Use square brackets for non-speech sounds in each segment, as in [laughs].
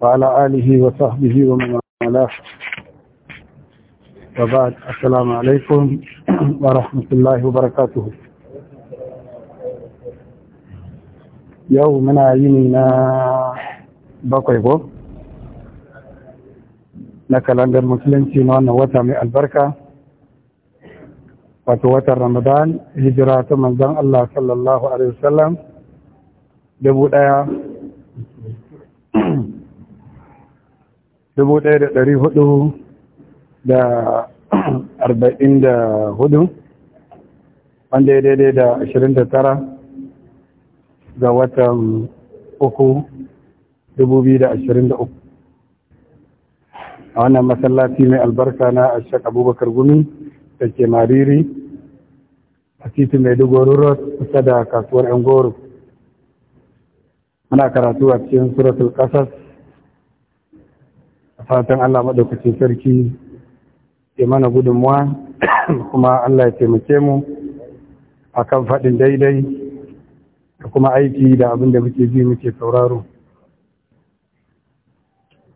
وعلى آله وصحبه ومن والاه وبعد السلام عليكم [clears throat] ورحمة الله وبركاته يومنا ينينا بقيبه na kalandar musulunci na wannan wata mai albarka wato watan ramadan hijira ta manzan Allah sallallahu dubu ɗaya 1444 wanda ya daidai da 29 ga watan 3 2023 a wannan masallaci mai albarka na ashek abubakar gumi da ke mariri a titin maiduguri road kusa da kasuwar yan goro ana karatu a cikin suratul kasas fatan Allah maɗaukacin sarki ke mana gudunmuwa [coughs] kuma Allah ya taimake mu a kan faɗin daidai da kuma aiki da abin da muke ji muke sauraro.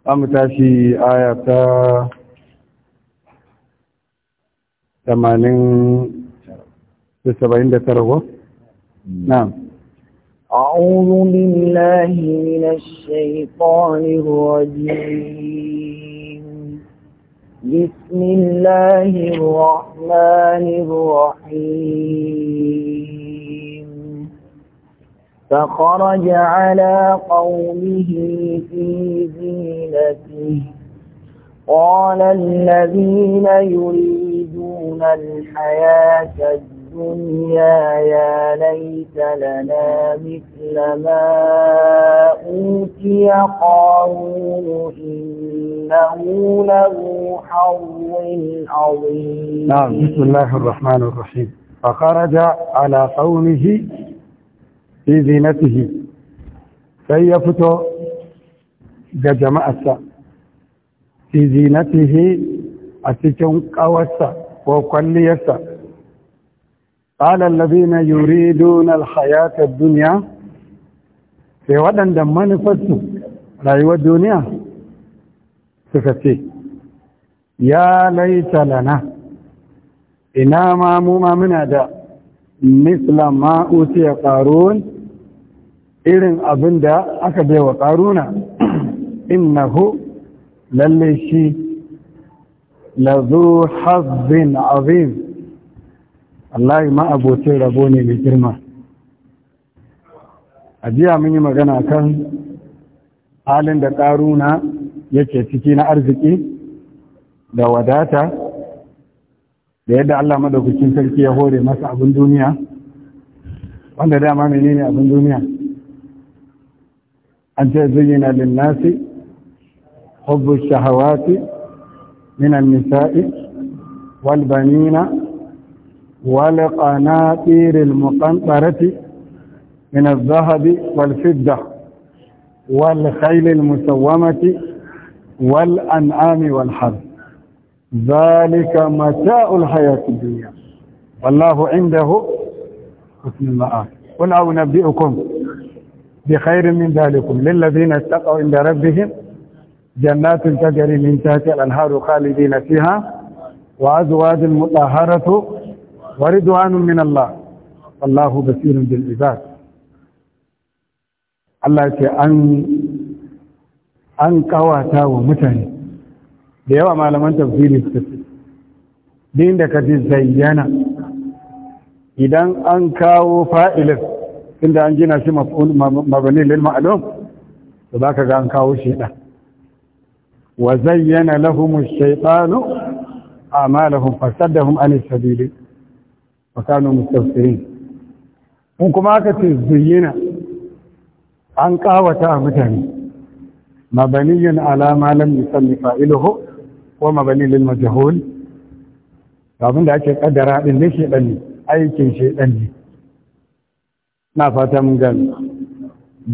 Za mu tashi aya ta tamanin da saba'in da Na'am. أعوذ بالله من الشيطان الرجيم بسم الله الرحمن الرحيم فخرج على قومه في زينته قال الذين يريدون الحياة الدنيا يا ليت لنا مثل ما أوتي قارون إنه له حظ عظيم نعم بسم الله الرحمن الرحيم فخرج على قومه في زينته sai ya fito ga jama'arsa fi zinatihi a cikin ƙawarsa ko kwalliyarsa ƙalallazina yuridun alhayatar duniya sai waɗanda manufarsu rayuwar duniya suka ce ya laita lana ina ma mu ma muna da misla ma ya qarun irin abin da aka baiwa ƙaruna [clears throat] innahu lalle shi zo hazzin azim Allah ma abocin rabo ne mai girma a jiya mun yi magana kan halin da ƙaruna yake ciki na arziki da wadata da yadda Allah madaukakin sarki ya hore masa abin duniya wanda dama menene abin duniya an ce zayyana lin-nasi hubbu shahawati min an-nisa'i wal banina wal qanatir al-muqantarati min adh-dhahabi wal-fiddah wal khayl والأنعام والحرب ذلك متاع الحياة الدنيا والله عنده حسن المآب قل أو نبئكم بخير من ذلكم للذين اتقوا عند ربهم جنات تجري من تحت الأنهار خالدين فيها وأزواج مطهرة ورضوان من الله والله بصير بالعباد الله أن an kawata wa mutane da yawa malaman tafsiri su ce din da ka ji zayyana idan an kawo fa'ilin inda an gina shi mabani lil ma'lum to ka ga an kawo shi da wa zayyana lahum ash-shaytanu a'malahum fasaddahum an as-sabil wa kanu mustafsirin kun kuma aka ce zayyana an kawata mutane مبني على ما لم يسمى فاعله ومبني للمجهول abin da ake kaddara din ne shedan ne aikin shedan ne na fata mun gani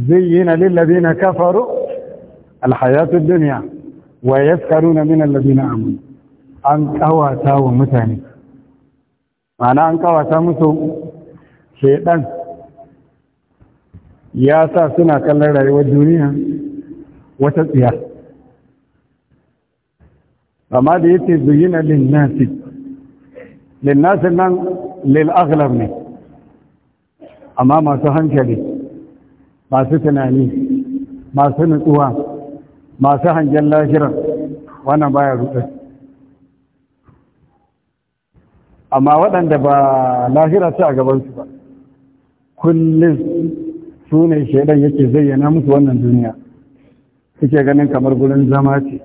zayyana lil ladina kafaru al hayatud dunya wa yaskaruna min alladina amanu an kawata wa mutane ma'ana an kawata musu shedan ya sa suna kallon rayuwar duniya wata tsiya amma da yake zuyina linnasi linnasi nan lil'aghlar ne amma masu hankali masu tunani masu nutsuwa masu hangen lahirar wannan baya rute amma waɗanda ba lahira ce a gabansu ba kullum su ne shaidan yake zayyana musu wannan duniya suke ganin kamar gurin zama ce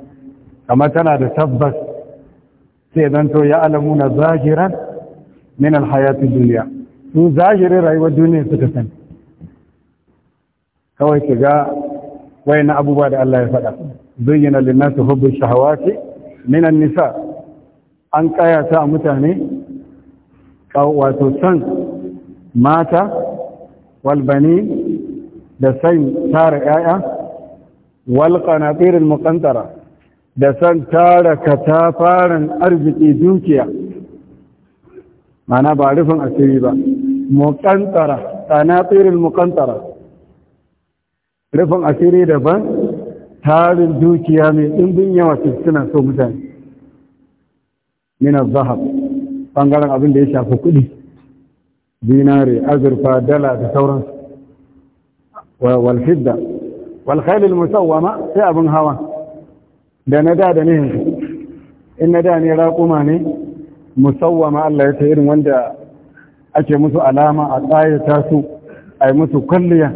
kamar tana da tabbas sai don to ya alamu na zahiran min alhayatun duniya su zahirin rayuwar duniya suka sani kawai ki ga na abubuwa da Allah ya faɗa zuyyina su hubbu shahawati min an-nisa an a mutane wato san mata walbani da sai tara 'ya'ya wal qanatir muqantara da san tara katafaren arziki dukiya mana ba rufin asiri ba muqantara qanatir al muqantara rufin asiri daban tarin dukiya mai dimbin yawa suna so mutane min zahab bangaren abin da ya shafi kuɗi dinare azurfa dala da sauransu wal fidda wal khailul musawwama sai abin hawa da na da da ne in na da ne raƙuma ne musawwama Allah ya ta irin wanda ake musu alama a ta su ai musu kwalliya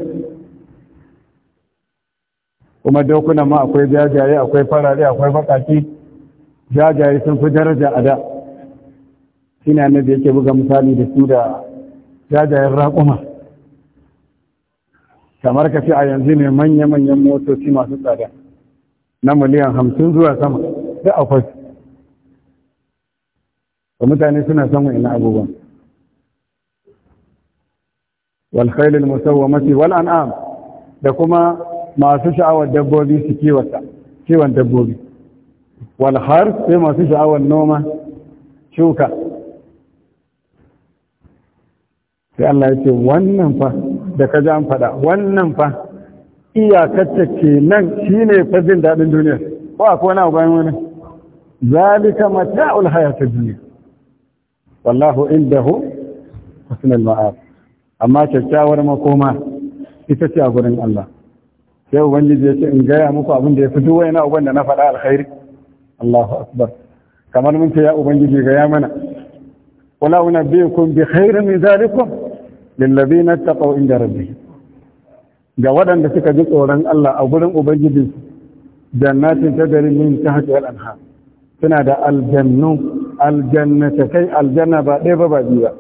kuma dokunan ma akwai jajaye akwai farare akwai bakaki jajaye sun fi daraja a da shine annabi yake buga misali da su da jajayen raƙuma kamar ka fi a yanzu ne manya-manyan motoci masu tsada na miliyan hamsin zuwa sama da akwai da mutane suna samun ina abubuwan walkhailul musawwa mafi wal'an'am da kuma masu sha'awar dabbobi su kiwon dabbobi walhar sai masu sha'awar noma shuka sai Allah ya ce wannan fa da ka ji an faɗa wannan fa iyakarta ke nan shi ne fa daɗin duniya ko a kona a bayan wani zalika mata'ul hayata duniya wallahu inda hu husnul ma'ar amma kyakkyawar makoma ita ce a gurin Allah sai ubangiji ya ce in gaya muku abin da ya fi duwai na uban da na faɗa alkhairi Allahu akbar kamar mun ce ya ubangiji gaya mana wala unabbiukum bi khairin min zalikum lillazina taqaw inda rabbi. ga waɗanda suka ji tsoron Allah a gurin Ubangiji jannatin ta gari min ta hajji al'anha suna da aljannu aljannata kai aljanna ba ɗaya ba ba biyu ba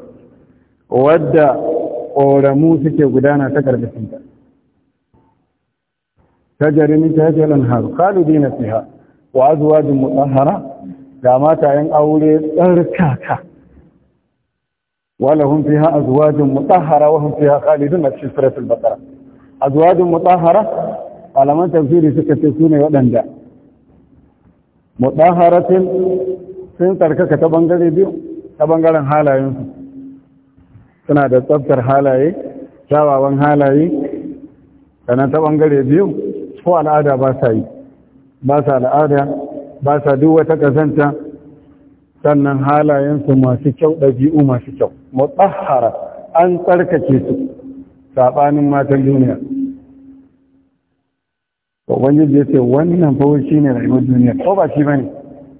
wadda ƙoramu suke gudana ta ƙarƙashin ta ta gari min ta hajji al'anha khalidi na fiha wa azuwajin mutahara ga matayen aure tsarkaka ولهم فيها أزواج مطهرة وهم فيها خالدون في سورة البقرة أزواج مطهرة على ما تفسير سنة ودنجا مطهرة sun tsarkaka ta ɓangare biyu ta bangaren halayensu suna da tsabtar halaye kyawawan halaye sannan ta ɓangare biyu ko al'ada ba sa yi ba sa al'ada ba sa duk wata ƙazanta sannan halayensu masu kyau ɗabi'u masu kyau mutahhara an tsarkake su saɓanin matan duniya ubangiji ya ce wannan fawar shi ne rayuwar duniya ko ba shi bane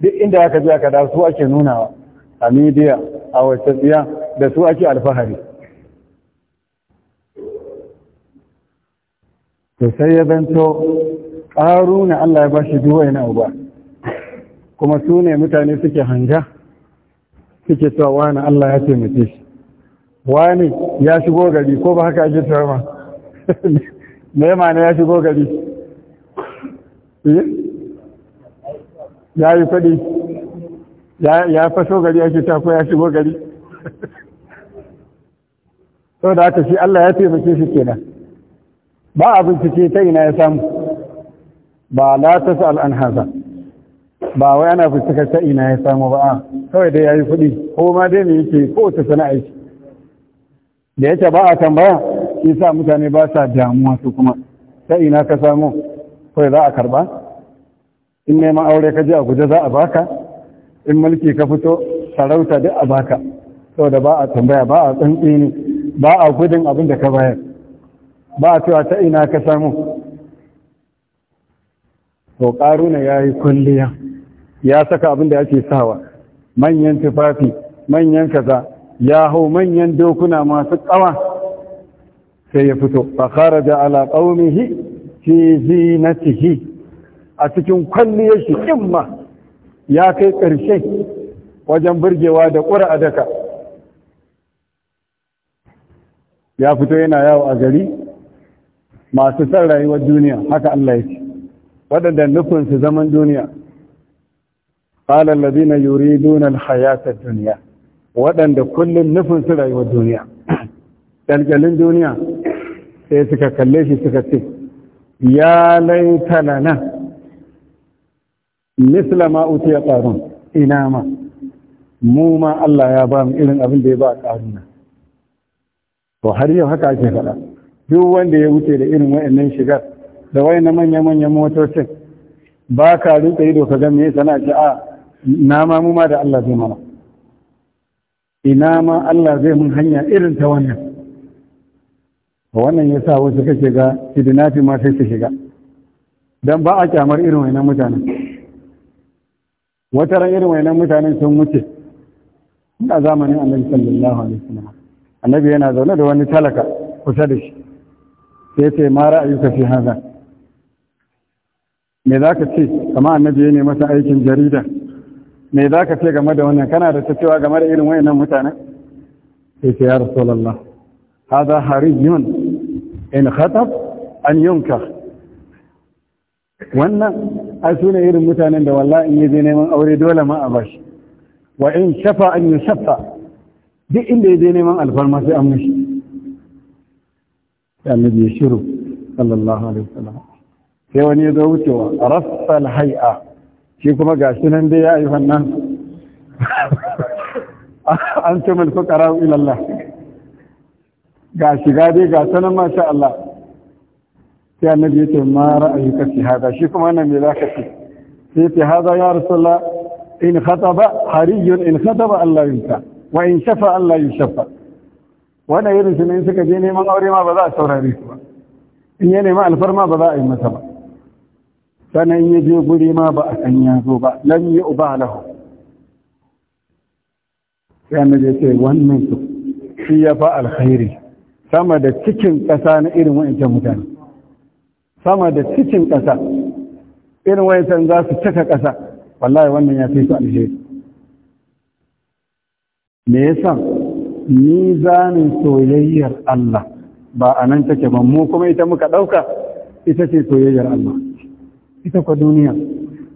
duk inda aka je aka da su ake nunawa a midiya a wacce tsiya da su ake alfahari to sai ya zanto ƙaru na Allah ya bashi duwai na uba kuma su ne mutane suke hanga suke cewa wani Allah ya taimake shi wani ya shigo gari ko ba haka ake cewa ma [laughs] me ma'ana ya shigo gari eh? ya yi kuɗi ya faso gari ake cewa ko ya shigo gari [laughs] sau da aka shi Allah ya taimake shi kenan ba abin cike ta ina ya samu ba la tasal an haza ba wai ana fuskar ta ina ya samu ba a kawai dai ya yi kuɗi ko ma dai ne yake ko ta sana'a da yake ba a tambaya shi sa mutane ba sa damuwa su kuma ta ina ka samu kawai za a karba in neman aure ka je a guje za a baka in mulki ka fito sarauta duk a baka saboda ba a tambaya ba a tsantsini ba a gudun abin da ka bayar ba a cewa ta ina ka samu to na ya yi kulliya ya saka abin da ake sawa manyan tufafi manyan kaza ya hau manyan dokuna masu kawa sai ya fito fa kharaja ala qaumihi fi zinatihi a cikin kwalliyar shi imma ya kai ƙarshe wajen burgewa da ƙura daka ya fito yana yawo a gari masu san rayuwar duniya haka Allah ya ce waɗanda nufinsu zaman duniya qala alladhina yuriduna alhayata ad-dunya waɗanda kullum nufin su rayuwar duniya dalgalin duniya sai suka kalle shi suka ce ya laita lana misla ma utiya ina ma mu ma Allah ya ba irin abin da ya ba qaruna to har yau haka ake faɗa duk wanda ya wuce da irin wa'annan shigar da wayannan manya manyan motocin ba ka rike ido ka ga me sana ce a na ma mu ma da Allah zai mana ina ma Allah zai mun hanya irin ta wannan wannan ya sa wasu ga, shiga hidinafi ma sai su shiga dan ba a kyamar irin wainan mutanen wata ran irin wainan mutanen sun wuce a zamanin annabi sallallahu alaihi wasallam annabi yana zaune da wani talaka kusa da shi sai ce ma ra'ayuka fi haza. me za ka ce kamar annabi ya ne masa aikin jarida me za ka ce game da wannan kana da ta cewa game da irin wayannan mutanen sai ce ya rasulallah hada hariyun in khatab an yunka wannan a sune irin mutanen da wallahi in yaje neman aure dole ma a bashi wa in shafa an yi yushaffa duk inda yaje neman alfarma sai an mishi sai annabi ya shiru sallallahu alaihi wasallam sai wani ya zo wucewa rassal hay'a shi kuma ga shi nan dai ya yi wannan an ce mulku ƙarau ilallah ga shiga dai ga sanan masha Allah sai annabi yace ma ra'ayuka fi hada shi kuma nan me zaka ce sai yace hada ya rasulullah in khataba hariyun in khataba Allah yunta wa in shafa Allah shafa. wannan irin su ne suka je neman aure ma ba za a saurare su ba in ya nema alfarma ba za a yi masa ba sanan ya je guri ma ba a san ya zo ba nan yi ubalahu. lahu sai annabi ce wannan su shi ya fa alkhairi sama da cikin ƙasa na irin wa'ancan mutane sama da cikin ƙasa irin wa'ancan za su cika ƙasa wallahi wannan ya fi su alheri me yasa mizanin soyayyar Allah ba a nan take ba mu kuma ita muka ɗauka ita ce soyayyar Allah ita kwa duniya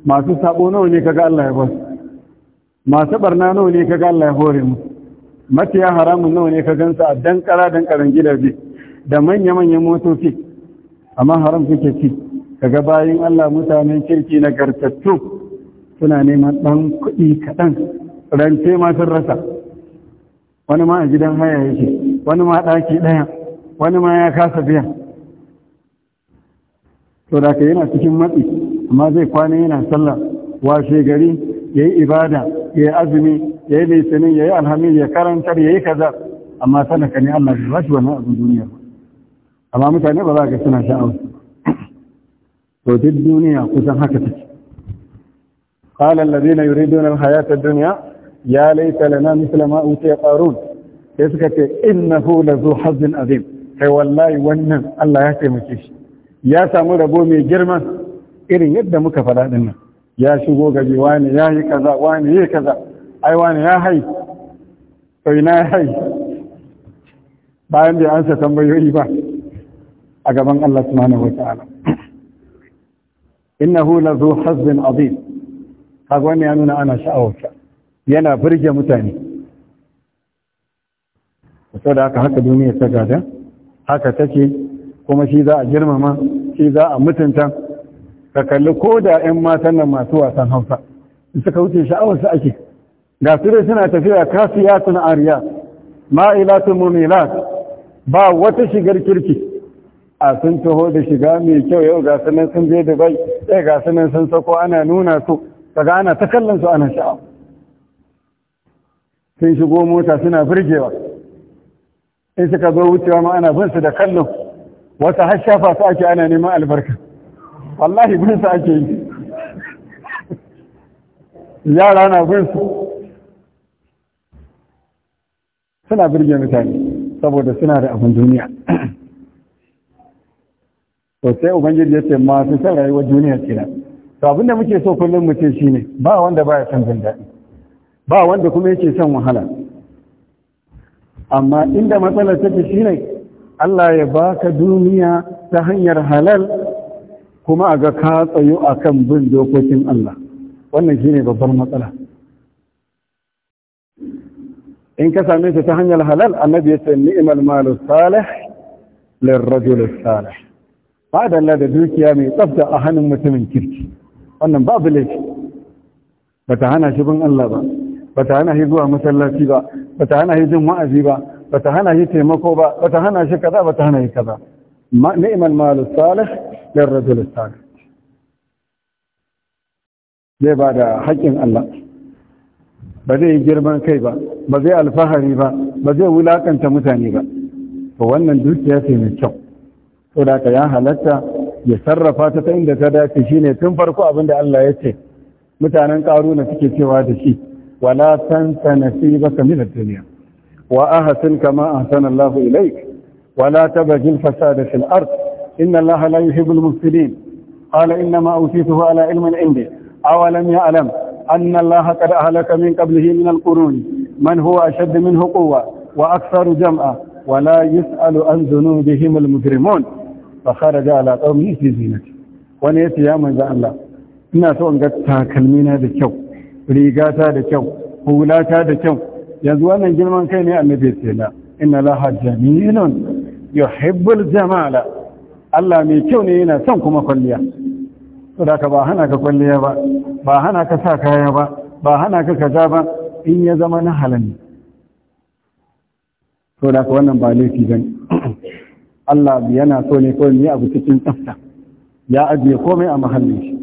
masu sabo nawa ne kaga Allah ya basu masu barna nawa ne kaga Allah ya hore mu matiya haramun nawa ne ka gansa a dankara dankaran gidaje da manya manya motoci amma haram kuke ci kaga bayin Allah mutanen kirki na gartattu suna neman ɗan kuɗi kaɗan rance ma sun rasa wani ma a gidan haya yake wani ma ɗaki ɗaya wani ma ya kasa biya to da ka yana cikin matsi amma zai kwana yana sallah washe gari ya yi ibada ya yi azumi ya yi litinin ya yi alhamis ya karantar ya yi kaza amma sadaka ne Allah bai shi wannan abin duniya amma mutane ba za ka suna sha'awa to duk duniya kusan haka take قال الذين يريدون الحياة الدنيا يا ليت لنا مثل ما أوتي قارون يسكت إنه لذو حظ عظيم kai wallahi wannan Allah ya taimake shi ya samu rabo mai girma irin yadda muka faɗa ɗin nan ya shigo gari wani ya yi kaza wani ya yi kaza ai wani ya hai to ina ya hai bayan da ansa tambayoyi ba a gaban Allah subhanahu wata'ala innahu la zu hazbin azim kaga wannan ya nuna ana sha'awarsa yana birge mutane saboda haka haka duniya ta gada haka take kuma shi za a girmama shi za a mutunta ka kalli ko da 'yan matan nan masu wasan hausa suka wuce sha'awarsu ake ga su dai suna tafiya suna ariya ma'ilatun mumila ba wata shigar kirki a sun taho da shiga mai kyau yau ga sunan sun je dubai sai ga sunan sun sako ana nuna su kaga ana ta kallon su ana sha'awa sun shigo mota suna birgewa in suka zo wucewa ma ana bin su da kallon wata hashafa shafa su ake ana neman albarka wallahi bin su ake yi yara na bin su suna birge mutane saboda suna da abin duniya to sai ubangiji ya ce masu san rayuwar duniya kira to abin da muke so kullum mu ce ne, ba wanda baya son jin daɗi ba wanda kuma yake son wahala amma inda matsalar take shine Allah ya baka duniya ta hanyar halal kuma a ga ka tsayo a kan bin dokokin Allah wannan shi ne babbar matsala in ka same ta ta hanyar halal annabi ya ce ni'mal malu salih lirrajul salih ba da da dukiya mai tsafta a hannun mutumin kirki wannan babu laifi bata hana shi bin Allah ba bata hana shi zuwa masallaci ba bata hana shi jin wa'azi ba bata hana shi taimako ba bata hana shi kaza bata hana shi kaza ni'mal malus salih lir rajul salih zai ba da haƙƙin Allah ba zai yi girman kai ba ba zai alfahari ba ba zai wulakanta mutane ba to wannan dukiya ce mai kyau to da ya halatta ya sarrafa ta ta inda ta dace shine tun farko abin da Allah ya ce mutanen na suke cewa da shi wala ba ka min ad duniya. وأهسن كما أهسن الله إليك ولا تبغي الفساد في الأرض إن الله لا يحب المفسدين قال إنما أوتيته على علم عندي أولم يعلم أن الله قد أهلك من قبله من القرون من هو أشد منه قوة وأكثر جمعا ولا يسأل عن ذنوبهم المجرمون فخرج على قومه في زينته ونيت يا من ذا الله Allah ina so in ga takalmina da kyau rigata da kyau hulata da kyau yanzu wannan girman kai ne annabi tsela inna laha jamilun yuhibbul jamala Allah mai kyau ne yana son kuma kwalliya to da ka ba hana ka kwalliya ba ba hana ka sa kaya ba ba hana ka kaza ba in ya zama na halani to da ka wannan ba laifi bane [clears throat] Allah yana so ne kawai ni abu cikin tsafta ya ajiye komai a mahallin shi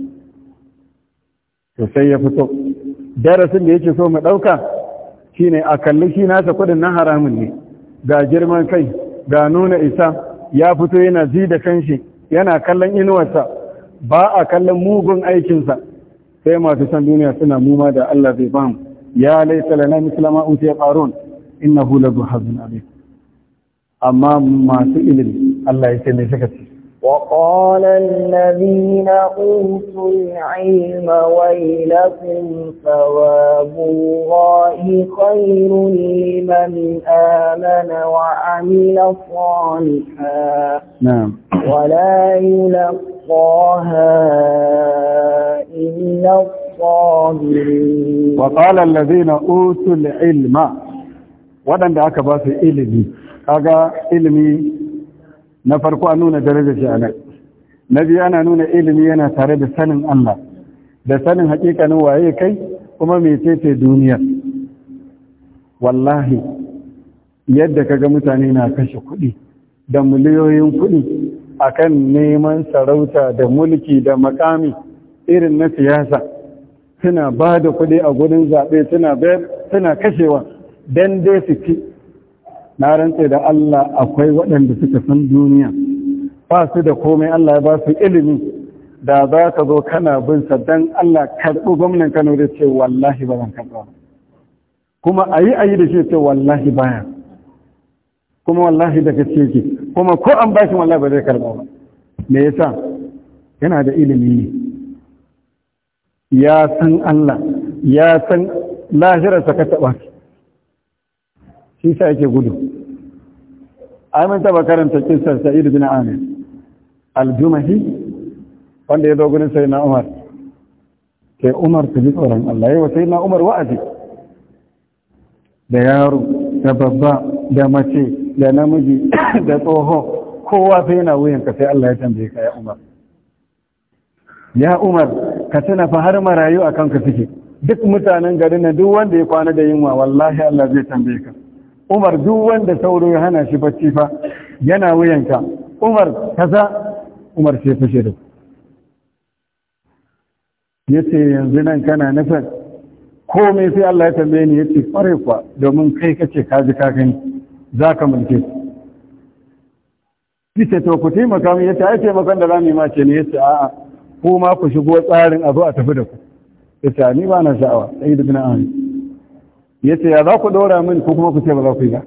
to sai ya fito darasin da yake so mu dauka shine a kalli shi nasa kudin na haramun ne ga girman kai ga nuna isa ya fito yana ji da kanshi yana kallon inuwarsa ba a kallon mugun aikinsa sai masu san duniya suna muma da Allah zai bamu ya laita lana mislama utiya qarun innahu lahu hazun amma masu ilimi Allah ya ce ne suka ce وقال الذين أوتوا العلم ويلكم ثواب الله خير لمن آمن وعمل صالحا نعم ولا يلقاها إلا الصابرين وقال الذين أوتوا العلم ودن دعك باس إلمي هذا إلمي na farko an nuna daraja shi anan na biyu ana nuna ilimi yana tare da sanin Allah da sanin hakikanin waye kai kuma ce duniya wallahi yadda kaga mutane na kashe kuɗi da miliyoyin kuɗi akan neman sarauta da mulki da makami irin na siyasa suna ba da kuɗi a gudun zaɓe suna kashewa don dai su ci na rantse da Allah akwai waɗanda suka san duniya ba su da komai Allah ya ba su ilimi da za ka zo kana bin sa dan Allah karɓi gwamnan Kano da ce wallahi ba zan karɓa kuma ayi ayi da shi ce wallahi baya kuma wallahi daga ce kuma ko an shi wallahi ba zai karɓa ba me yasa yana da ilimi ne ya san Allah ya san lahirarsa ka taɓa shi shi sa yake gudu ai mun taba karanta kinsa Sa'id bin Amir al-Jumahi wanda ya zo sai na Umar sai Umar ta ji tsoron Allah yayi wa na Umar wa'azi da yaro da babba da mace da namiji [coughs] da tsoho kowa sai yana ka sai Allah ya tambaye ka ya Umar ya Umar ka tuna fa har marayu a kanka suke duk mutanen garin na duk wanda ya kwana da wa wallahi Allah zai tambaye ka umar duk wanda sauro ya hana shi bacci fa yana wuyanka umar kaza umar sai fashe da ya ce yanzu nan kana nufin komai sai Allah ya tambaye ni ya kware kwa domin kai kace ka ji ka gani za ka mulke su ce to ku taimaka mu ya ce ai taimakon da za mu yi ma ce ne ya ce a'a ko ma ku shigo tsarin abu a tafi da ku ya ce ni ba na sha'awa sai da bin ahani ya ce ya za ku ɗora min ko kuma ku ce ba za ku yi ba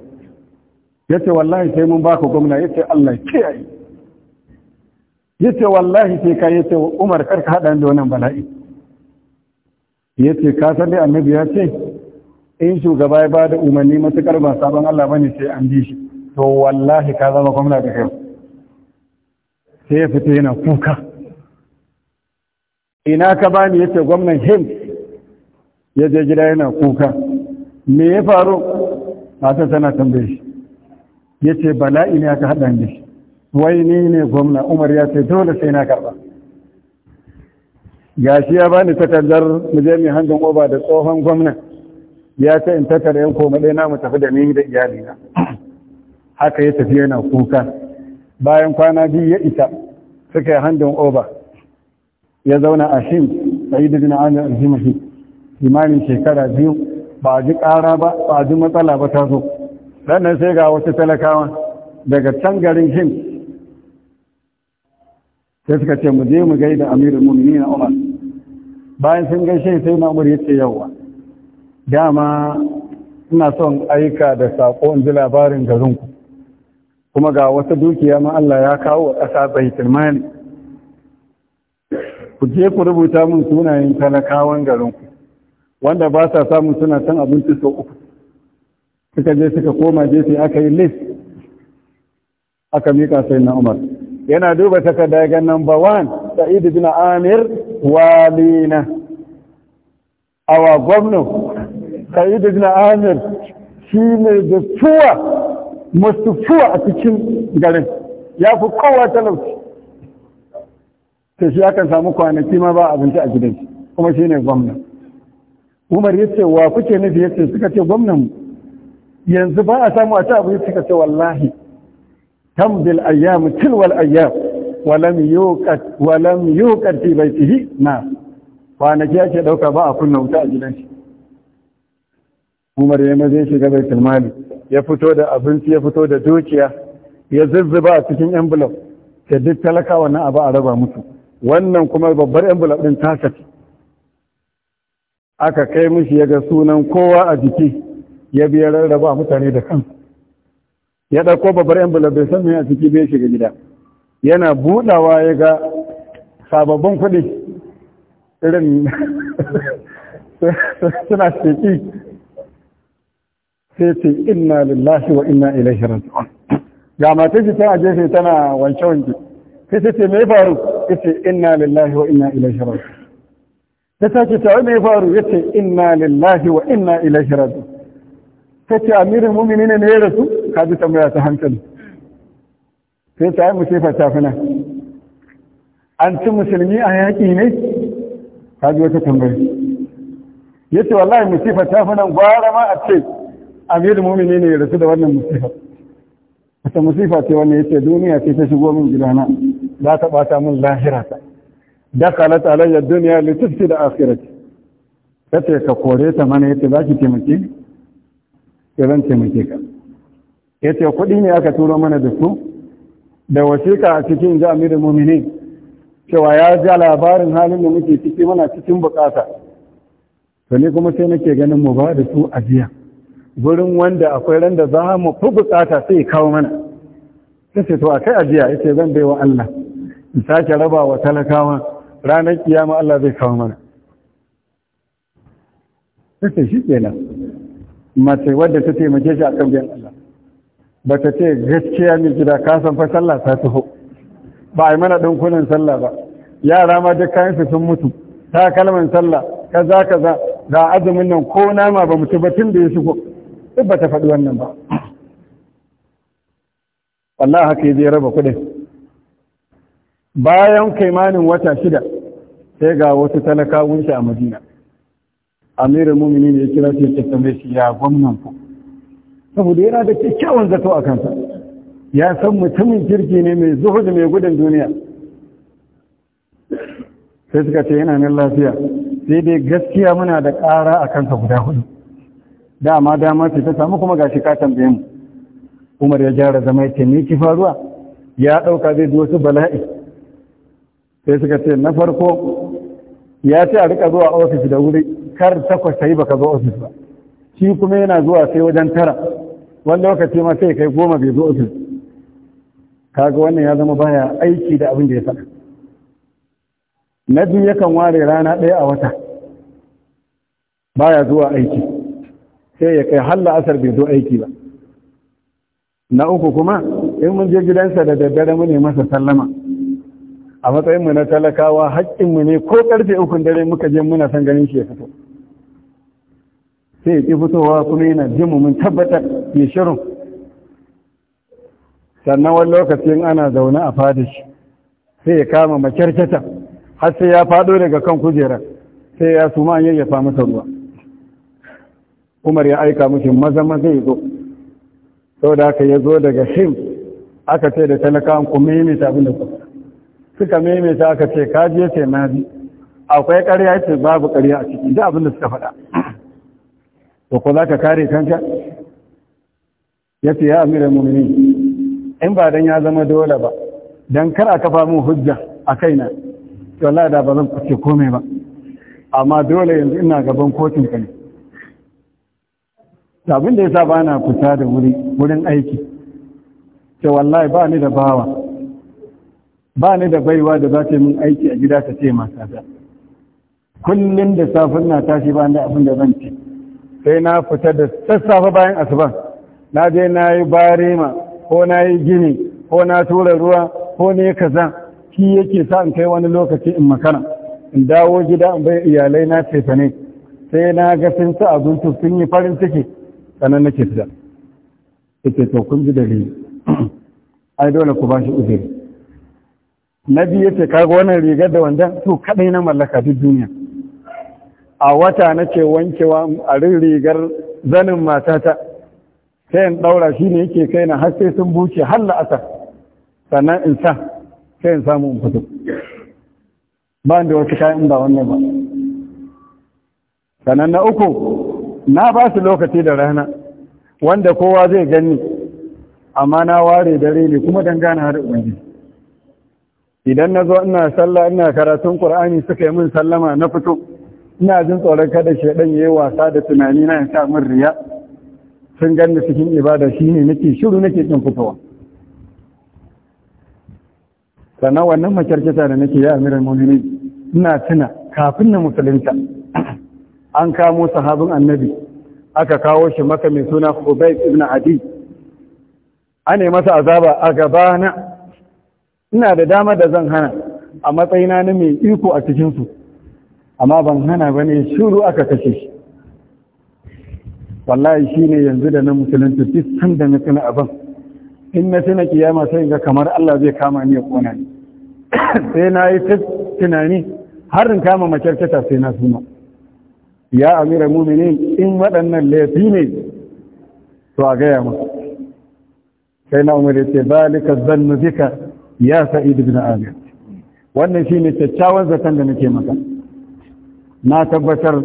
ya ce wallahi sai mun ku gwamna ya ce Allah kiyaye ya ce wallahi sai ka ya ce Umar karka haɗa da wannan bala'i ya ce ka san dai annabi ya ce in shugaba ya bada umarni matuƙar ba sabon Allah bane sai an bi shi to wallahi ka zama gwamna da kai sai ya fita yana kuka ina ka bani ya ce gwamnan him ya je gida yana kuka me ya faru mata tana tambaye shi ya ce bala'i ne aka haɗa ne wai ni ne gwamna umar ya ce dole sai na karɓa gashi ya bani takardar muje mai hangin oba da tsohon gwamna ya ce in takar yan koma ɗaya na mu tafi da ni da iyalina [clears throat] haka ya tafi yana kuka bayan kwana biyu ya isa suka yi hangin oba ya zauna a shim sai da jina amir alhimahi imamin shekara biyu ba ji ƙara ba ba ji matsala ba ta zo ɗannan sai ga wasu talakawa daga can garin him sai suka ce mu je mu gaida amirul mumini na umar bayan sun gaishe sai na umar ya ce dama ina son aika da saƙo in ji labarin garinku kuma ga wasu dukiya ma Allah ya kawo a ƙasa baitulmani ku je ku rubuta mun sunayen talakawan garinku wanda ba sa samun suna can abinci sau uku suka je suka koma sai aka yi list aka mika sai na umar yana duba takarda ga number one Sa'idu bin amir walina awa gwamno sa'id bin amir shi ne da tuwa masu a cikin garin ya fi kowa talauci ta shi akan samu kwanaki ma ba abinci a gidan kuma shi ne gwamna umar ya ce wa kuke nufi ya ce suka ce gwamnan yanzu ba a samu a ci abu suka ce wallahi tambil ayyam tilwal ayyam walam yuqat walam yuqat fi baitihi na kwanaki ake dauka ba a kunna wuta a gidan shi umar ya maza shi shiga baitul mali ya fito da abinci ya fito da dukiya ya zuzzuba a cikin envelope da duk talakawa na ba a raba musu wannan kuma babbar envelope din ta aka kai mishi ya ga sunan kowa a jiki ya biya rarraba mutane da kan ya ɗauko babbar embula bai san a ciki bai shiga gida yana buɗawa ya ga sababbin kuɗi irin [laughs] suna sheki sai ce inna lillahi wa inna ilaihi raji'un ga matar ji tana jefe tana wanke-wanke sai ce me faru ita inna lillahi wa inna ilaihi raji'un ta ce ta wani faru ya ce inna lillahi wa inna ilaihi shiratu. ta ce amirin mumini ne ya rasu ka ji tambaya ta hankali sai ta yi musifa tafina an ci musulmi a yaƙi ne ka ji wata tambaya ya ce wallahi musifa tafina gwara ma a ce amirin mumini ne ya rasu da wannan musifa wata musifa ce wannan ya ce duniya ce ta shigo min gidana za ta ɓata min lahirata dakalat alayya dunya li tufsida akhirati kace ka kore ta mana yace zaki taimake ya zan taimake ka yace kuɗi ne aka turo mana da su da wasiƙa a cikin jami'ar mu'minin cewa ya ji labarin halin da muke ciki muna cikin bukata to ni kuma sai nake ganin mu ba da su ajiya gurin wanda akwai ran da za mu fi bukata sai ya kawo mana sai to akai ajiya yace zan bai wa Allah in sake raba wa talakawa ranar kiyama Allah zai kawo mana take shi nan, mace wadda ta taimake shi a kan biyan Allah ba ta ce gaskiya mai gida ka san fa sallah ta taho ba a yi mana ɗankunan sallah ba yara ma duk kayan su sun mutu ta kalman sallah kaza kaza ga azumin nan ko nama ba mutu batun da ya shigo duk ba ta faɗi wannan ba Allah haka ya zai raba kuɗin bayan kaimanin wata shida sai ga wasu talakawun shi a madina amirin mumini ne ya kira shi ya tambaye shi ya gwamnan ku saboda yana da kyakkyawan zato a kansa ya san mutumin kirki ne mai zuhu da mai gudun duniya sai suka ce yana nan lafiya sai dai gaskiya muna da ƙara a kansa guda hudu dama dama ce ta samu kuma gashi ka tambaye mu umar ya gyara zama yake ne ki faruwa ya ɗauka zai ji wasu bala'i sai suka ce na farko ya ce a rika zuwa ofis da wuri kar takwas ta yi baka zo ofis ba shi kuma yana zuwa sai wajen tara wani lokaci ma sai kai goma bai zo ofis kaga wannan ya zama baya aiki da abin da ya faɗa na biyu yakan ware rana ɗaya a wata baya zuwa aiki sai ya kai halla asar bai zo aiki ba na uku kuma in mun je gidansa da daddare mu ne masa sallama a matsayinmu na talakawa haƙƙinmu ne ko ƙarfe uku dare muka je muna son ganin shi ya fito sai ya fitowa kuma yana jin mu mun tabbatar ya shirin sannan wani lokacin ana zaune a fadi shi sai ya kama makyarkyata har sai ya fado daga kan kujera sai ya suma an yayyafa masa ruwa umar ya aika mushi maza maza ya zo sau da aka ya zo daga shim aka ce da talakawan kuma yi mai abin da kuma suka maimaita aka ce kaji sai ce naji akwai ƙarya ce babu ƙarya a ciki da abin da suka faɗa to ko za ka kare kanka ya ce ya amira mummuni in ba don ya zama dole ba don kar a kafa mun hujja a kaina to Allah da ba zan kuce komai ba amma dole yanzu ina gaban kotun ka ne abin da ya sa ba na fita da wuri wurin aiki ce wallahi ba ni da bawa ba ni da baiwa da za ta yi min aiki a gida ta ce da kullum da safin na tashi ba ni abin da zan ci sai na fita da sassafe bayan asuban na je na yi barema ko na yi gini ko na tura ruwa ko ne kaza shi yake sa in kai wani lokaci in makara in dawo gida in bai iyalai na ta ne sai na ga sun ci abinci sun yi farin ciki sannan nake fita yake to kun ji dalili ai dole ku ba shi uzuri na biyu ce kaga wannan rigar da wandan su kadai na mallaka duk duniya a wata na ce wankewa a rigar zanin matata sai in daura shi ne yake kai na har sai sun buce har la'asar sannan in sa sai in samu in fito ba da wasu kayan ba wannan ba sannan na uku na ba su lokaci da rana wanda kowa zai gani amma na ware dare ne kuma dangana har ubangiji idan na zo ina sallah ina karatun qur'ani suka yi min sallama na fito ina jin tsoron kada shi ya yayi wasa da tunani na sa min riya sun ganni cikin ibada shine nake shiru nake kin fitowa sannan wannan makyarkita da nake ya amiral mu'minin ina tuna kafin na musulunta [clears throat] an kamo sahabin annabi aka kawo shi maka mai suna hubaib ibn Adi ane masa azaba a gabana ina da dama da zan hana a matsayina na mai iko a cikinsu amma ban hana ba ne shuru aka kashe shi wallahi shi ne yanzu da na musulunci duk san da na tuna abin in na tuna kiyama sai ga kamar Allah zai kama ni ya kona ni [coughs] sai na yi ta tunani har in kama makyarkata sai na suna ya amira mumini in waɗannan laifi ne to a gaya ma. sai na umar ya ce zannu zika ya sa'id ibn amir wannan shine kyakkyawan zaton da nake maka na tabbatar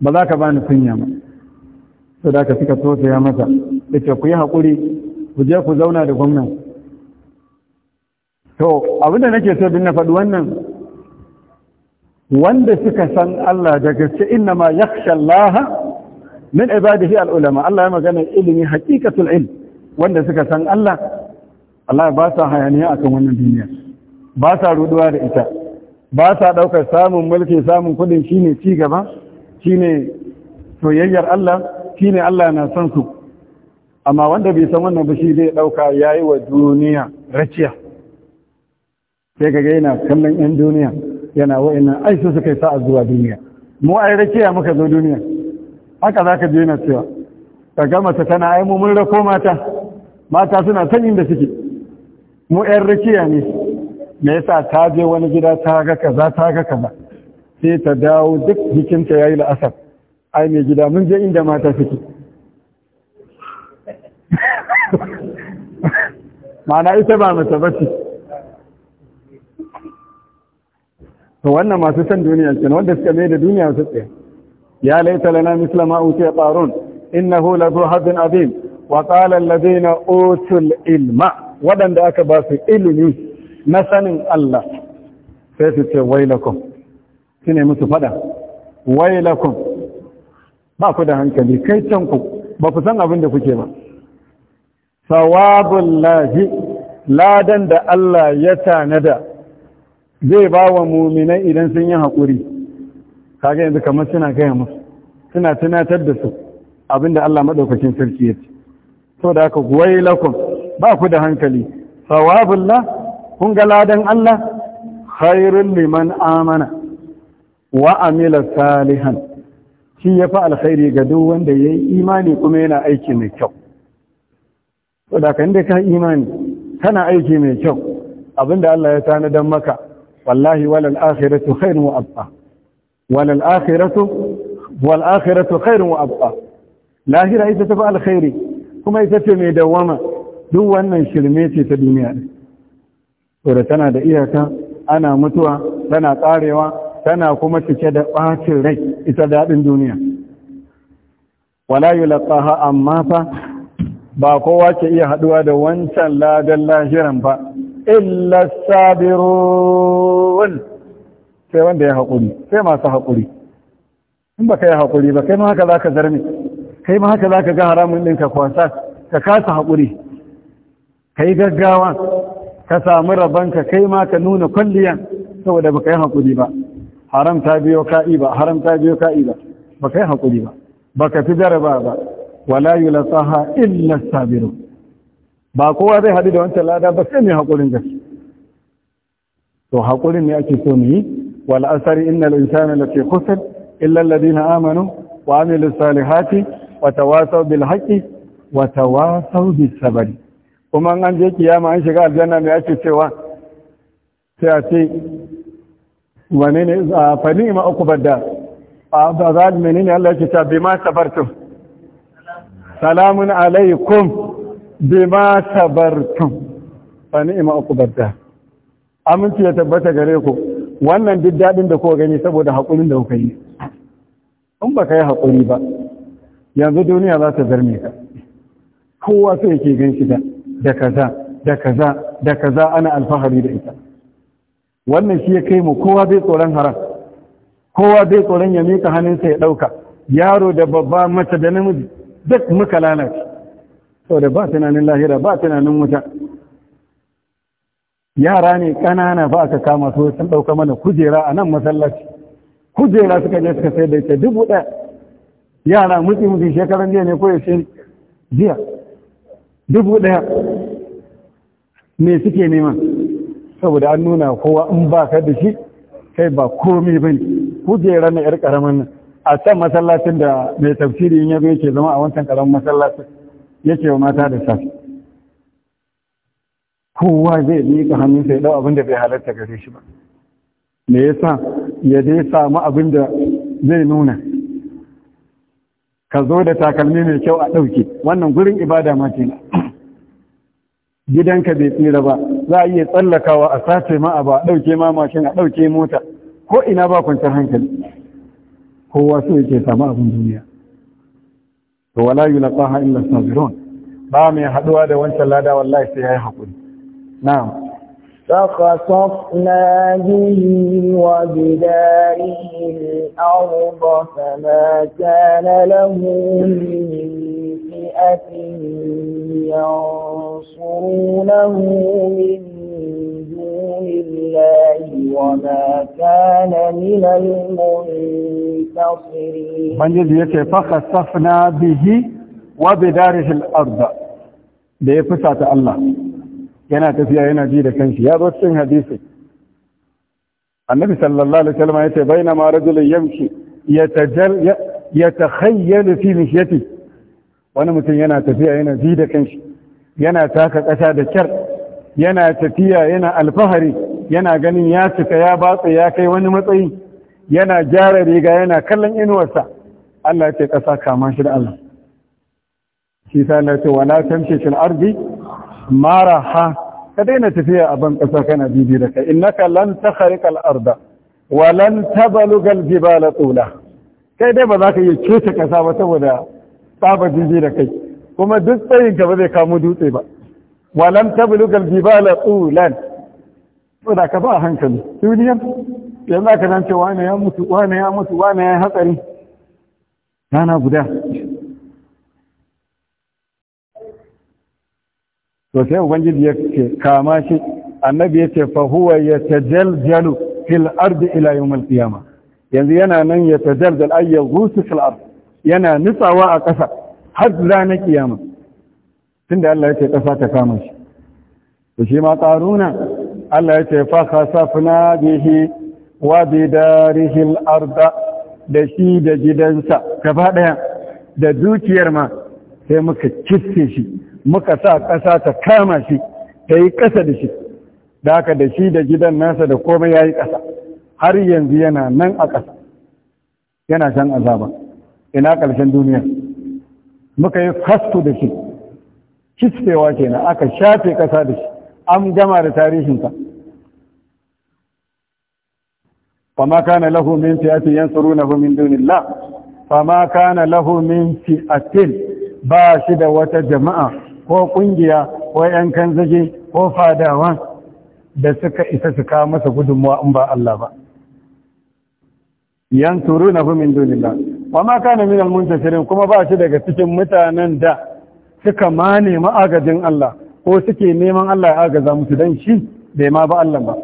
ba za ka bani sunya ba sai da ka suka ya masa yace ku yi hakuri ku je ku zauna da gwamnan. to abinda nake so din na faɗi wannan wanda suka san Allah da gaske inna ma yakhsha Allah min ibadihi al-ulama Allah ya magana ilimi haqiqatul ilm wanda suka san Allah Allah ba sa hayaniya a kan wannan duniya ba sa ruduwa da ita ba sa daukar samun mulki samun kudin shine ci gaba shine soyayyar Allah shine Allah na son su amma wanda bai san wannan ba shi zai dauka yayi wa duniya raciya sai ga yana kallon yan duniya yana wa'ina ai su suka yi sa'a zuwa duniya mu ai raciya muka zo duniya haka zaka je na cewa ka gama ta tana ai mu mun rako mata mata suna san inda suke mu ‘yan rikiya ne me yasa ta je wani gida ta ga kaza ta ga kaza sai ta dawo duk jikinta ya yi la'asar ai mai gida mun je inda mata suke mana ita ba mace ba ce to wannan masu san duniya ce wanda suka mai da duniya su tsaye ya laita lana misla ma utiya qarun innahu la zu hadin azim wa qala alladhina utul ilma waɗanda aka ba su ilimi na sanin Allah sai su ce Wailakon su ne musu faɗa Wailakon ba ku da hankali kai can ku ba ku san abin da kuke ba sawabun lahi ladan da Allah ya tanada zai ba wa muminai idan sun yi haƙuri kaga yanzu kamar suna gaya musu suna tunatar da su abinda Allah maɗaukakin sarki ya ce so da haka Wailakon. ba ku da hankali sawabullah kun ga ladan Allah khairul liman amana wa amila salihan shi yafi alkhairi ga duk wanda yayi imani kuma yana aiki mai kyau to da kan da ka imani kana aiki mai kyau abinda Allah ya tana don maka wallahi walal akhiratu khairun wa abqa walal akhiratu wal akhiratu khairun wa abqa lahira ita tafi alkhairi kuma ita ce mai dawama duk wannan shirme ce ta duniya ne to tana da iyaka ana mutuwa tana ƙarewa tana kuma cike da ɓacin rai ita daɗin duniya wala yulqaha amma fa ba kowa ke iya haɗuwa da wancan ladan lahiran ba illa sabirun sai wanda ya haƙuri sai masu haƙuri in ba ka yi haƙuri ba kai ma haka za ka zarmi kai ma haka za ka ga haramun ɗinka kwasa ka kasa haƙuri ka yi gaggawa ka samu rabanka kai ma ka nuna kulliyan saboda baka yi haƙuri ba haram ta biyo ka'i ba haram ta biyo ka'i ba baka yi haƙuri ba baka fi jaraba ba wala yulasaha illa sabiru ba kowa zai haɗu da wancan lada ba sai mai haƙurin gaske to haƙurin ne ake so mu yi wal asari innal insana lafi khusr illa alladhina amanu wa amilus salihati wa tawasaw bil haqqi wa tawasaw bis sabr kuma an je kiyama an shiga aljanna mai ake cewa sai a ce wane ne a fani ma uku badda a mene ne Allah ya yake bi ma sabartum salamun alaikum bi ma sabartum fani ma uku badda aminci ya tabbata gare ku wannan duk dadin da kowa gani saboda hakurin da kuka yi in ka yi hakuri ba yanzu duniya za ta zarme ka kowa sai yake gan shi da da kaza da kaza da kaza ana alfahari da ita wannan shi ya kai mu kowa bai tsoron haram kowa bai tsoron ya mika hannunsa ya ɗauka yaro da babba mace da namiji duk muka lalace saboda ba tunanin lahira ba tunanin wuta yara ne ƙanana ba aka kama su sun ɗauka mana kujera a nan masallaci kujera suka je suka sai da ita dubu ɗaya yara mutum mutum shekaran jiya ne ko yaushe jiya dubu ɗaya me suke nema saboda an nuna kowa in ba ka da shi kai ba komi ba ne kujera na yar karamin nan a can masallacin da mai tafsiri in yazo yake zama a wancan karamin masallacin yake wa mata da safi kowa zai nika hannun sai ɗau abin da bai halarta gare shi ba me yasa ya dai samu abin da zai nuna ka zo da takalmi mai kyau a ɗauke wannan gurin ibada ma kenan gidanka bai tsira ba za a iya tsallakawa a sace ma a ba a ɗauke ma mashin a ɗauke mota ko ina ba kwanciyar hankali kowa so yake samu abin duniya to wala yulqaha illa sabirun ba mai haɗuwa da wancan lada wallahi sai ya yi hakuri Na. فخسفنا به وبداره الأرض فما كان له من فئة ينصرونه من دون الله وما كان من المنتصرين من يجي فخسفنا به وبداره الأرض da الله yana tafiya yana ji da kanshi ya zo cikin hadisi annabi sallallahu alaihi wasallam yace ma rajulun yamshi yatajal yatakhayyal fi mishyati wani mutum yana tafiya yana ji da kanshi yana taka kasa da kyar yana tafiya yana alfahari yana ganin ya cika ya batsa ya kai wani matsayi yana gyara riga yana kallon inuwarsa Allah ya ce kasa kama shi da Allah shi sa Allah ya ce wala tamshi fil ardi maraha ka daina tafiya a ban ƙasa kana bibi da kai innaka lan takharika al-arda wa lan tabluga al-jibala tula kai dai ba za ka yi kece ƙasa ba saboda tsaba bibi da kai kuma duk tsayin ka ba zai kamo dutse ba wa lan tabluga al-jibala tulan saboda ka ba hankali duniya yanzu aka nan ce wani ya mutu Wani ya mutu Wani ya hatsari rana guda to sai ubangiji ya ce kama shi annabi ya ce fa huwa yatajaljalu fil ardi ila yawm al qiyama yanzu yana nan tajaljal ay yaghusu fil ard yana nutsawa a ƙasa har na kiyama tunda Allah ya ce ƙasa ta kama shi to shi ma qaruna Allah ya ce fa khasafna bihi wa darihi al arda da shi da gidansa gaba daya da dukiyar ma sai muka kisse shi muka sa ƙasa ta kama shi ta yi ƙasa da shi da aka da shi da gidan nasa da komai ya yi ƙasa har yanzu yana nan a ƙasa yana shan azaba ina ƙarshen duniya muka yi kasto da shi ke na aka shafe ƙasa da shi an gama da tarihinsa fama kana lahu min fi'atin yansurunahu min dunillah fama kana lahu min fi'atin ba shi da wata jama'a ko ƙungiya ko 'yan kanzaje ko fadawa da suka isa su kawo masa gudunmuwa in ba Allah ba yan turu na fi min dunillah wa ma kana min almuntashirin kuma ba shi daga cikin mutanen da suka ma nemi agajin Allah ko suke neman Allah ya agaza musu dan shi bai ma ba Allah ba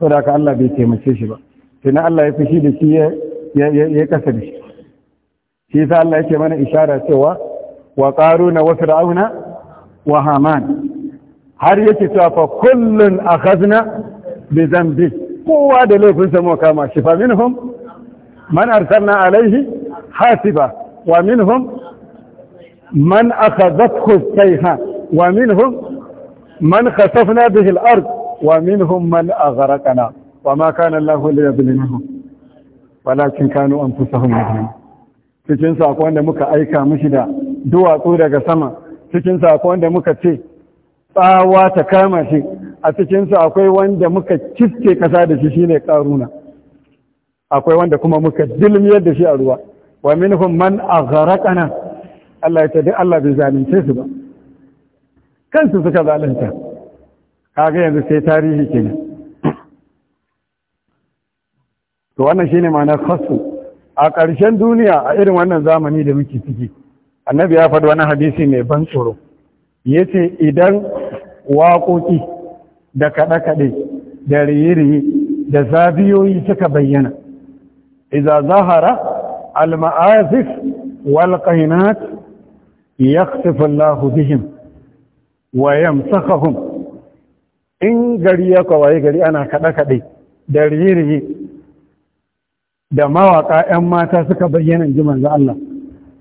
So da Allah bai taimace shi ba sai Allah ya fi shi da shi ya shi shi sa Allah yake mana ishara cewa wa qaruna wa fir'auna wa haman har yake cewa fa kullun akhadna bi dhanbi kowa da laifin sa mu kama shi fa minhum man arsalna alaihi hasiba wa minhum man akhadhathu sayha wa minhum man khasafna bihi al-ard wa minhum man aghraqna وما كان الله ليظلمهم ولكن كانوا انفسهم يظلمون cikin sakon da muka aika mishi da duwatsu daga sama cikinsa akwai wanda muka ce tsawa ta kama shi a cikinsa akwai wanda muka kiske kasa da shi shine karuna akwai wanda kuma muka dilmiyar da shi a ruwa wa minhum man aghraqana Allah ya ce Allah bai zalunce su ba kansu suka zalunta kaga yanzu sai tarihi kenan to wannan shine ma'anar khasu a ƙarshen duniya a irin wannan zamani da muke ciki annabi ya faɗi wani hadisi mai ban tsoro ya ce idan waƙoƙi da kaɗe-kaɗe da riri da zabiyoyi suka bayyana iza zahara al-ma'azif wal qainat bihim wa in gari ya kawai gari ana kaɗe-kaɗe da da mawaƙa 'yan mata suka bayyana ji manzo Allah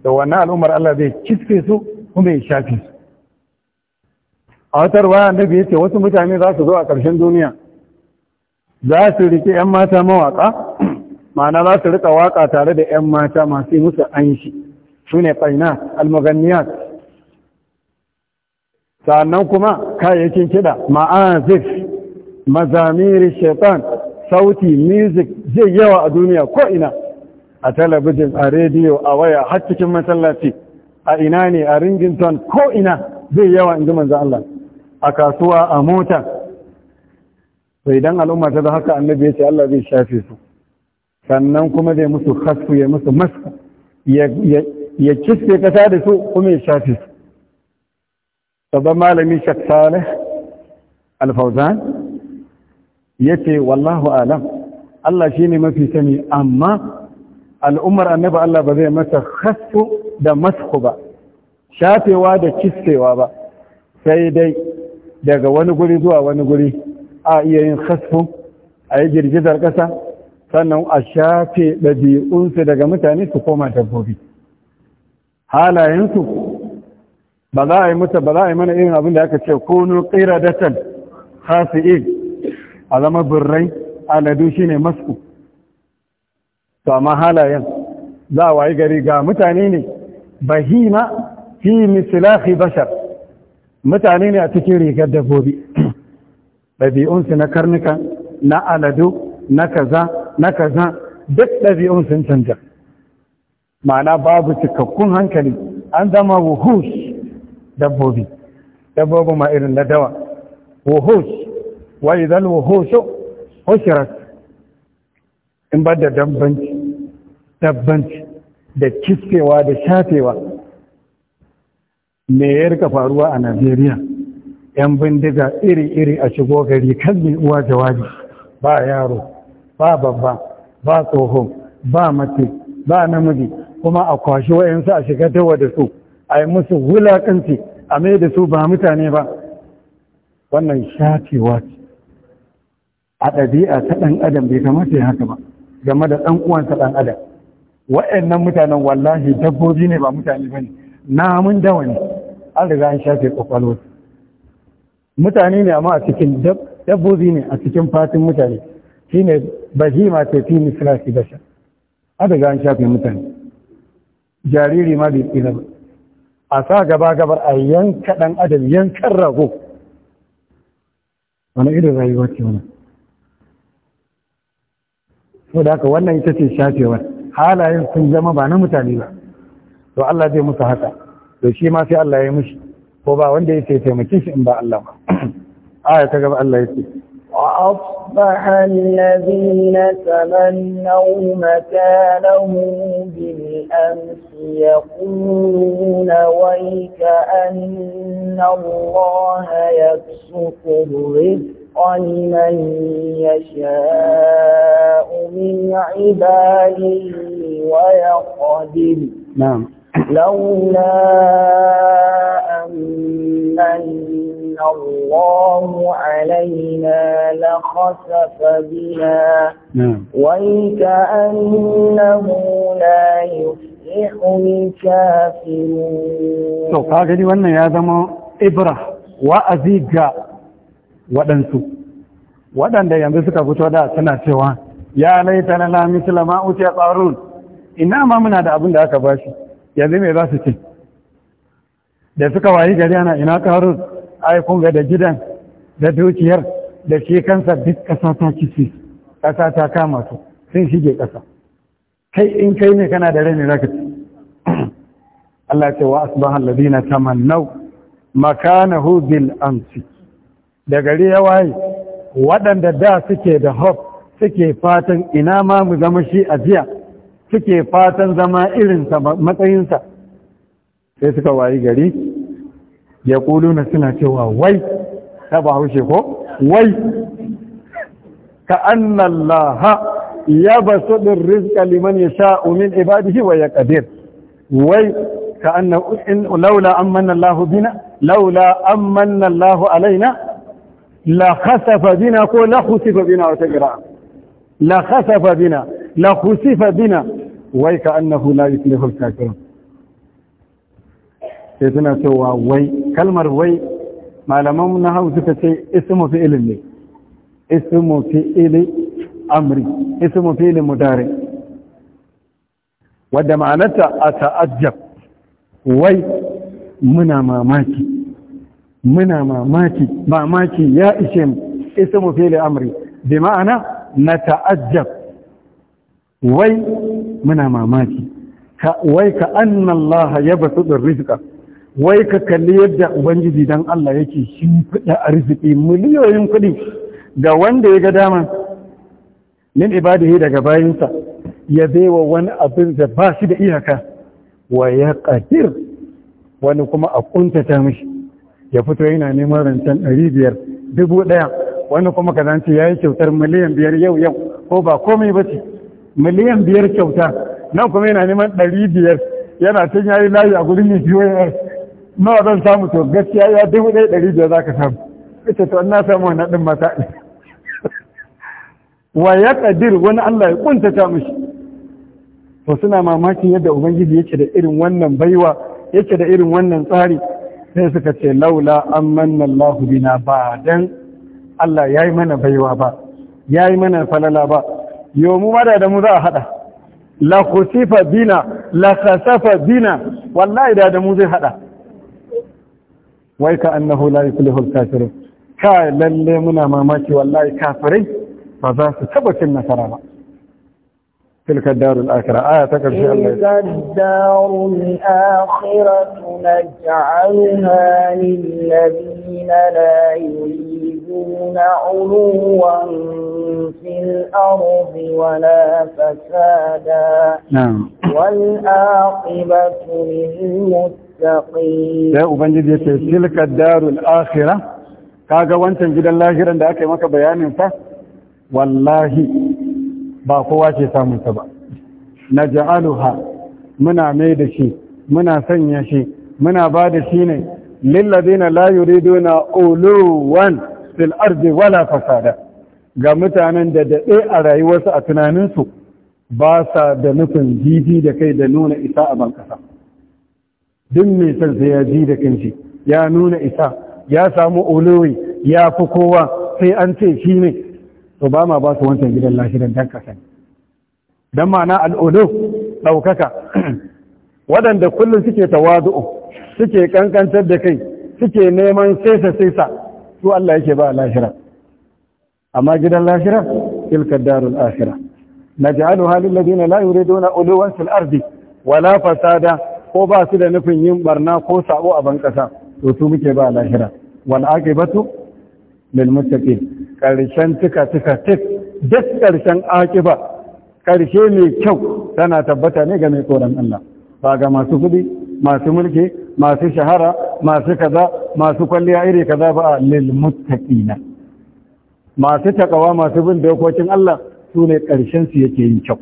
da wannan al'ummar Allah zai kiske su kuma ya shafi su a wata ruwa na biyu ce wasu mutane za su zo a ƙarshen duniya za su rike 'yan mata mawaƙa ma'ana za su rika waƙa tare da 'yan mata masu musu anshi su ne ƙaina almaganiya. sannan kuma kayayyakin kiɗa ma'azif mazamiri shaitan sauti music zai yawa a duniya ko ina a talabijin a rediyo a waya har cikin masallaci a ina ne a ringington ko ina zai yawa in ji manzan Allah a kasuwa a mota sai idan al'umma ta da haka annabi ya ce Allah zai shafe su sannan kuma zai musu hasku ya musu masku ya kisfe kasa da su kuma ya shafe su sabon malami shak salih alfauzan ya ce wallahu alam Allah shi ne mafi sani amma al'ummar annabi Allah ba zai mata khassu da masku ba shafewa da kiskewa ba sai dai daga wani guri zuwa wani guri a iya yin khassu a yi girgizar ƙasa sannan a shafe ɗabi'unsu daga mutane su koma dabbobi halayensu ba za a yi mutu ba za a yi mana irin abin da aka ce kunu ƙiradatan khasi'in a zama birrai aladu shine masku to amma halayen za a wayi gari ga mutane ne bahima fi misilahi bashar mutane ne a cikin rigar dabbobi [clears throat] ɗabi'unsu na karnuka na aladu na kaza na kaza duk ɗabi'un sun canja ma'ana babu cikakkun hankali an zama wuhus dabbobi dabbobi ma irin na dawa wuhus wa idan wuhusu hushirat in ba da dambanci tabbanci da kiskewa da shafewa me ya rika faruwa a najeriya yan bindiga iri-iri a shigo gari kan uwa jawabi ba yaro ba babba ba tsoho ba mace ba namiji kuma a kwashi wayansu a shiga dawa da su a yi musu wulakanci a mai da su ba mutane ba wannan shafewa ce a ɗabi'a ta ɗan adam bai kamata ya haka ba game da ɗan uwansa ɗan adam wa'annan mutanen wallahi dabbobi ne ba mutane ba ne namun dawa ne an riga an shafe kwakwalwa mutane ne amma a cikin dabbobi ne a cikin fatin mutane shi ne shi ma ta fi misalasi basha an riga an shafe mutane jariri ma bai tsira ba a sa gaba gabar a yanka ɗan adam yankan rago wani irin rayuwa ce wani so da haka wannan ita ce shafewar halayen sun zama ba na mutane ba to Allah zai musu haka to shi ma sai Allah ya mushi ko ba wanda yake taimake shi in ba Allah ba [clears throat] aya ta gaba Allah ya ce وأصبح الذين تمنوا مكانه بالأمس يقولون ويك أن الله يبسط الرزق الرزق لمن يشاء من عباده ويقدر نعم لولا أن الله علينا لخسف بنا نعم. ويكأنه لا يفلح الكافرون. to ka gani wannan يا zama إبرة وأزيد waɗansu waɗanda yanzu suka fito da suna cewa ya laita na lamisu lama uce tsarun ina ma muna da abin da aka ba shi yanzu mai za su ce da suka wayi gari ana ina ai aikun ga da gidan da dukiyar da shi kansa duk ƙasa ta kisi ƙasa ta kama su sun shige ƙasa kai in kai ne kana da rai mai zaka [clears throat] Allah ce wa asbaha alladhina tamannau makanahu bil amsi da gari ya waye waɗanda da suke da hop suke fatan ina ma mu zama shi a jiya suke fatan zama irinsa matsayinsa sai suka wayi gari ya na suna cewa wai ta ba haushe ko wai ka annallaha ya ba su ɗin rizka liman ya sha umin ibadihi wa ya ƙadir wai ka anna laula an manna Allahu bina laula an manna Allahu alaina la khasafa bina ko la khusifa bina wata qira'a la khasafa bina la khusifa bina wai ka annahu la yuflihu al-kafirun sai suna cewa wai kalmar wai malaman na hau suka ce ismu fi'ilin ne ismu fi'ili amri ismu fi'ilin mudari wadda ma'anarta a ta'ajjab wai muna mamaki muna mamaki mamaki ya ishe ismu fili amri bi ma'ana na ta'ajjab wai muna mamaki ka wai ka annallaha yabsutu rizqa wai ka kalli yadda ubangiji dan Allah yake shimfiɗa arziki miliyoyin kuɗi ga wanda ya ga dama min ibadihi daga bayinsa ya baiwa wani abin da ba shi da iyaka wa ya ƙadir wani kuma a ƙuntata mishi ya fito yana neman rancen ɗari biyar dubu ɗaya wani kuma ka zance ya yi kyautar miliyan biyar yau yau ko ba komai ba ce miliyan biyar kyauta nan kuma yana neman ɗari biyar yana tun ya yi layi a gurin mai biyar nawa zan samu to gaskiya ya dubu ɗaya ɗari biyar za ka samu ita to na samu wani ɗin mata [laughs] wa ya ƙadir wani Allah ya ƙuntata mishi to suna mamakin yadda ubangiji yake da irin wannan baiwa yake da irin wannan tsari sai suka ce laula an manna Allah bina ba dan Allah ya yi mana baiwa ba ya yi mana falala ba yau mu mada da mu za a haɗa la kusifa bina la kasafa bina wallahi da da mu zai haɗa wai ka annahu la yuflihul kafirun ka lalle muna mamaki wallahi kafirai ba za su taba cin nasara ba تلك الدار الآخرة آية تكرشي الله تلك الدار الآخرة نجعلها للذين لا يريدون علوا في الأرض ولا فسادا نعم والآقبة للمتقين لا أبنجد تلك الدار الآخرة kaga wancan gidan الله da aka yi maka bayanin والله ba kowa ke samun ta ba na ja'aluha muna mai da shi muna sanya shi muna ba da shi ne lillazina la na uluwan fil ardi wala fasada ga mutanen da daɗe a rayuwarsu a tunaninsu ba sa da nufin jiji da kai da nuna isa a bankasa duk mai son sai ya ji da kanshi ya nuna isa ya samu uluwi ya fi kowa sai an ce shi ne to ba ma ba su wancan gidan lahirin dan kasan dan ma'ana al'ulu ɗaukaka [clears throat] waɗanda kullum suke tawadu'u suke ƙanƙantar da kai suke neman sesa sesa su Allah yake ba lahira amma gidan lahira tilka darul akhirah naj'aluha lil ladina la yuriduna uluwan fil ardi wala fasada ko ba su da nufin yin barna ko sabo a ban kasa to su muke ba lahira wal aqibatu lil muttaqin ƙarshen tuka tuka tik duk ƙarshen akiba ƙarshe mai kyau tana tabbata ne ga mai tsoron Allah ba ga masu kuɗi masu mulki masu shahara masu kaza masu kwalliya iri kaza ba a lil muttaqina masu takawa masu bin dokokin Allah su ne ƙarshen su yake yin kyau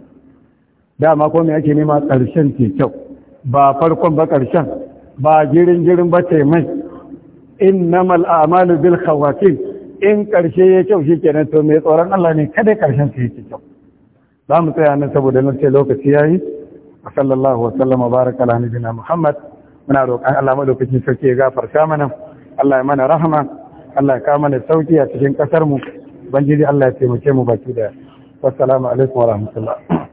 dama ko ake nema ƙarshen ke kyau ba farkon ba ƙarshen ba girin girin ba taimai innamal a'malu bil khawatin in ƙarshe ya kyau shi kenan to mai tsoron Allah ne kada ƙarshen su yake kyau za mu tsaya nan saboda nan sai lokaci yayi a sallallahu wa sallama baraka ala nabiyina Muhammad muna roƙon Allah madaukakin sarki ya gafarta mana Allah ya mana rahama Allah ya kawo mana sauki a cikin ƙasar mu ubangiji Allah ya taimake mu baki da wassalamu alaikum wa rahmatullah